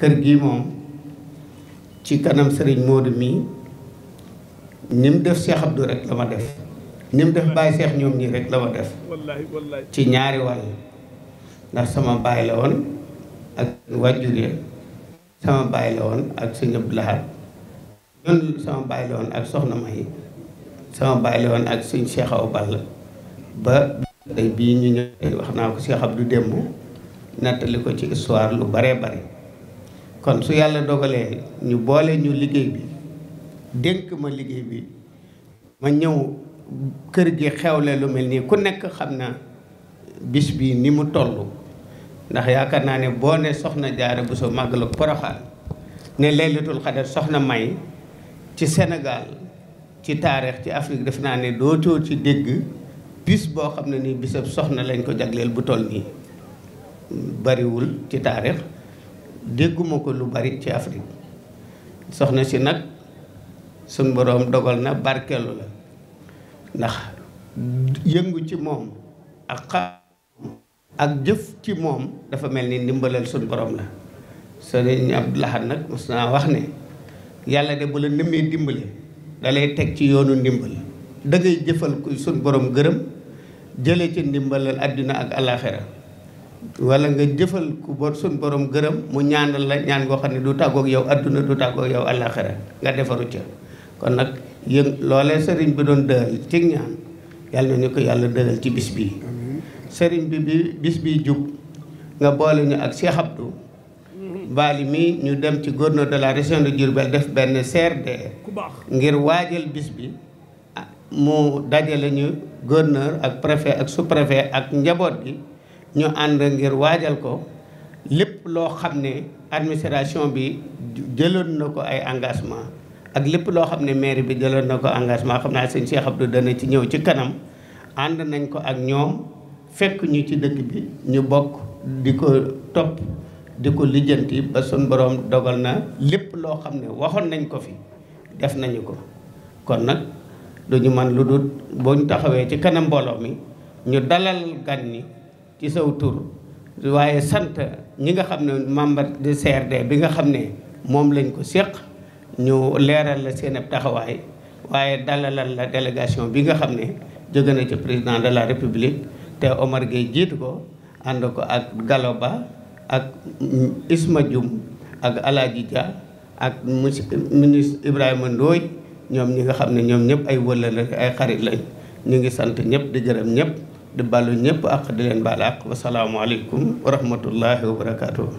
kër gi moom ci kanam sëriñ Modou mii ni mu def Cheikh Abdou rek la ma def ni mu def Baye seex ñoom ñii rek la ma def ci ñaari wàll ndax sama baay la woon ak wàjjur sama baay la ak sëñ Abdou Lahad ñun sama baay la woon ak soxna May sama baay la woon ak sëñ Cheikh Awa Balla ba tey bii ñu ñëw wax naa ko Cheikh Abdou démb nettali ko ci histoire lu bare bare kon su yàlla dogalee ñu boole ñu liggéey bi dénk ma liggéey bi ma ñëw kër gi xew xewle lu mel nii ku nekk xam na bis bi ni mu toll ndax yaakaar naa ne boo ne soxna jaara bu soo màggal ak poroxaan ne laylatul xadar soxna may ci Sénégal ci taarix ci Afrique def naa ne dootoo ci dégg bis boo xam ne nii bisab soxna lañ ko jagleel bu toll nii bariwul ci taarix dégguma ko lu bari ci Afrique soxna si nag suñ boroom dogal na barkeelu la ndax yëngu ci moom ak xa ak jëf ci moom dafa mel ni ndimbalal suñ boroom la sëriñ Abdou Lahad nag mos naa wax ne yàlla de bu la nëmmee dimbale dalay teg ci yoonu ndimbal da ngay jëfal suñ borom gërëm jële ci ndimbalal àddina ak àllaaxira wala nga jëfal ku bor suñ borom gërëm mu ñaanal la ñaan goo xam ne du tàggook yow adduna du tàggoog yow àllaaxira nga defaru ca kon nag yëng loolee sëriñ bi doon dëral ci ñaan yàlla na ñu ko yàlla dëral ci bis bii sëriñ bi bi bis bii jub nga boole ñu ak Cheikh Abdou Bali mi ñu dem ci gouverneur de la région de Diourbel def benn CRD ngir waajal bis bi ah, mu dajale ñu gouverneur ak préfet ak sous-préfet ak njaboot bi ñu ànd ngir waajal ko lépp loo xam ne administration bi jëloon na ko ay engagement ak lépp loo xam ne maire bi jëloon na ko engagement xam naa sëñ Cheikh Abdou dana ci ñëw ci kanam ànd nañ ko ak ñoom fekk ñu ci dëkk bi ñu bokk di ko topp di ko lijjanti ba suñ boroom dogal na lépp loo xam ne waxoon nañ ko fi def nañu ko kon nag duñu man lu dul boo taxawee ci kanam mbooloo mi ñu dalal gan ñi ci saw tur waaye sant ñi nga xam ne membre de CRD bi nga xam ne moom lañ ko séq ñu leeral la seen taxawaay waaye dalalal la délégation bi nga xam ne jóge na ci président de la république te Omar Gueye jiitu ko ànd ko ak Gallo Ba ak Isma Dioum ak Alaaji Dia ak monsieur ministre Ibrahima Ndoye ñoom ñi nga xam ne ñoom ñëpp ay wëllale ay xarit lañ ñu ngi sant ñëpp di gërëm ñëpp di balu ñëpp ak di leen baal ak wasalaamaaleykum wa rahmatullahi wa barakaatuh